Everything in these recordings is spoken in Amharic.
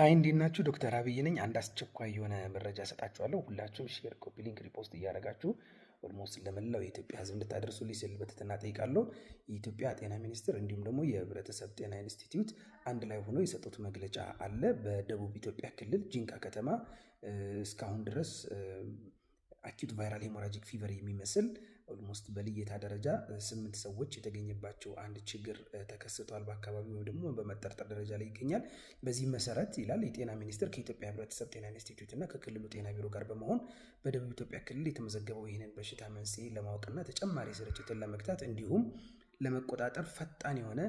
ሀይ እንዲናችሁ ዶክተር አብይ ነኝ። አንድ አስቸኳይ የሆነ መረጃ ሰጣችኋለሁ። ሁላችሁም ሼር፣ ኮፒ ሊንክ፣ ሪፖስት እያደረጋችሁ ኦልሞስት ለመላው የኢትዮጵያ ሕዝብ እንድታደርሱልኝ ስል በትህትና ጠይቃለሁ። የኢትዮጵያ ጤና ሚኒስቴር እንዲሁም ደግሞ የህብረተሰብ ጤና ኢንስቲትዩት አንድ ላይ ሆኖ የሰጡት መግለጫ አለ። በደቡብ ኢትዮጵያ ክልል ጂንካ ከተማ እስካሁን ድረስ አኪዩት ቫይራል ሄሞራጂክ ፊቨር የሚመስል ኦልሞስት በልየታ ደረጃ ስምንት ሰዎች የተገኘባቸው አንድ ችግር ተከስቷል በአካባቢው ወይም ደግሞ በመጠርጠር ደረጃ ላይ ይገኛል። በዚህ መሰረት ይላል የጤና ሚኒስቴር ከኢትዮጵያ ህብረተሰብ ጤና ኢንስቲትዩት እና ከክልሉ ጤና ቢሮ ጋር በመሆን በደቡብ ኢትዮጵያ ክልል የተመዘገበው ይህንን በሽታ መንስኤ ለማወቅና ተጨማሪ ስርጭትን ለመግታት እንዲሁም ለመቆጣጠር ፈጣን የሆነ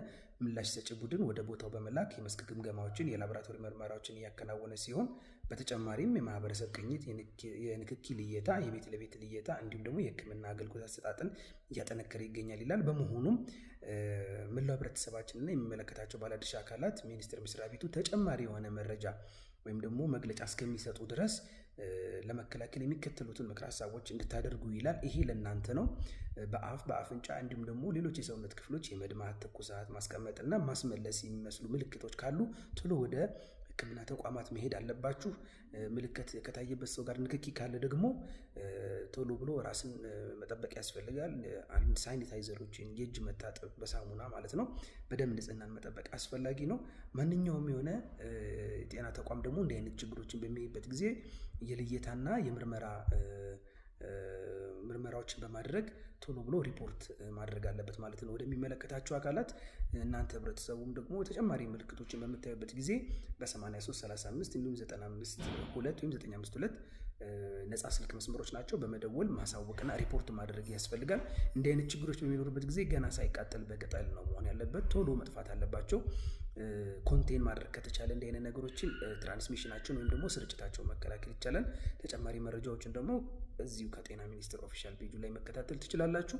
ምላሽ ሰጪ ቡድን ወደ ቦታው በመላክ የመስክ ግምገማዎችን፣ የላቦራቶሪ ምርመራዎችን እያከናወነ ሲሆን በተጨማሪም የማህበረሰብ ቅኝት፣ የንክኪ ልየታ፣ የቤት ለቤት ልየታ እንዲሁም ደግሞ የሕክምና አገልግሎት አሰጣጥን እያጠነከረ ይገኛል ይላል። በመሆኑም መላው ህብረተሰባችንና የሚመለከታቸው ባለድርሻ አካላት ሚኒስቴር መስሪያ ቤቱ ተጨማሪ የሆነ መረጃ ወይም ደግሞ መግለጫ እስከሚሰጡ ድረስ ለመከላከል የሚከተሉትን ምክረ ሀሳቦች እንድታደርጉ ይላል። ይሄ ለእናንተ ነው። በአፍ በአፍንጫ እንዲሁም ደግሞ ሌሎች የሰውነት ክፍሎች የመድማት፣ ትኩሳት፣ ማስቀመጥና ማስመለስ የሚመስሉ ምልክቶች ካሉ ቶሎ ወደ ሕክምና ተቋማት መሄድ አለባችሁ። ምልክት ከታየበት ሰው ጋር ንክኪ ካለ ደግሞ ቶሎ ብሎ ራስን መጠበቅ ያስፈልጋል። አንድ ሳኒታይዘሮችን፣ የእጅ መታጠብ በሳሙና ማለት ነው፣ በደንብ ንጽህናን መጠበቅ አስፈላጊ ነው። ማንኛውም የሆነ ጤና ተቋም ደግሞ እንዲህ አይነት ችግሮችን በሚሄድበት ጊዜ የልየታና የምርመራ ምርመራዎችን በማድረግ ቶሎ ብሎ ሪፖርት ማድረግ አለበት ማለት ነው ወደሚመለከታቸው አካላት። እናንተ ህብረተሰቡም ደግሞ ተጨማሪ ምልክቶችን በምታዩበት ጊዜ በ8335 እንዲሁም 952 ወይም 952 ነፃ ስልክ መስመሮች ናቸው። በመደወል ማሳወቅና ሪፖርት ማድረግ ያስፈልጋል። እንዲህ አይነት ችግሮች በሚኖሩበት ጊዜ ገና ሳይቃጠል በቅጠል ነው መሆን ያለበት። ቶሎ መጥፋት አለባቸው። ኮንቴን ማድረግ ከተቻለ እንዲህ አይነት ነገሮችን ትራንስሚሽናቸውን ወይም ደግሞ ስርጭታቸውን መከላከል ይቻላል። ተጨማሪ መረጃዎችን ደግሞ በዚሁ ከጤና ሚኒስቴር ኦፊሻል ፔጁ ላይ መከታተል ትችላላችሁ።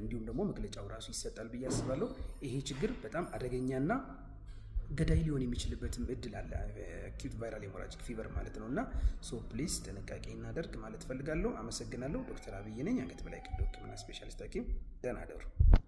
እንዲሁም ደግሞ መግለጫው ራሱ ይሰጣል ብዬ አስባለሁ። ይሄ ችግር በጣም አደገኛና ገዳይ ሊሆን የሚችልበትም እድል አለ። አኪዩት ቫይራል ሄሞራጂክ ፊቨር ማለት ነው እና ሶ ፕሊስ ጥንቃቄ እናደርግ ማለት ፈልጋለሁ። አመሰግናለሁ። ዶክተር አብይ ነኝ፣ አንገት በላይ ቀዶ ሕክምና ስፔሻሊስት ሐኪም። ደህና ደሩ።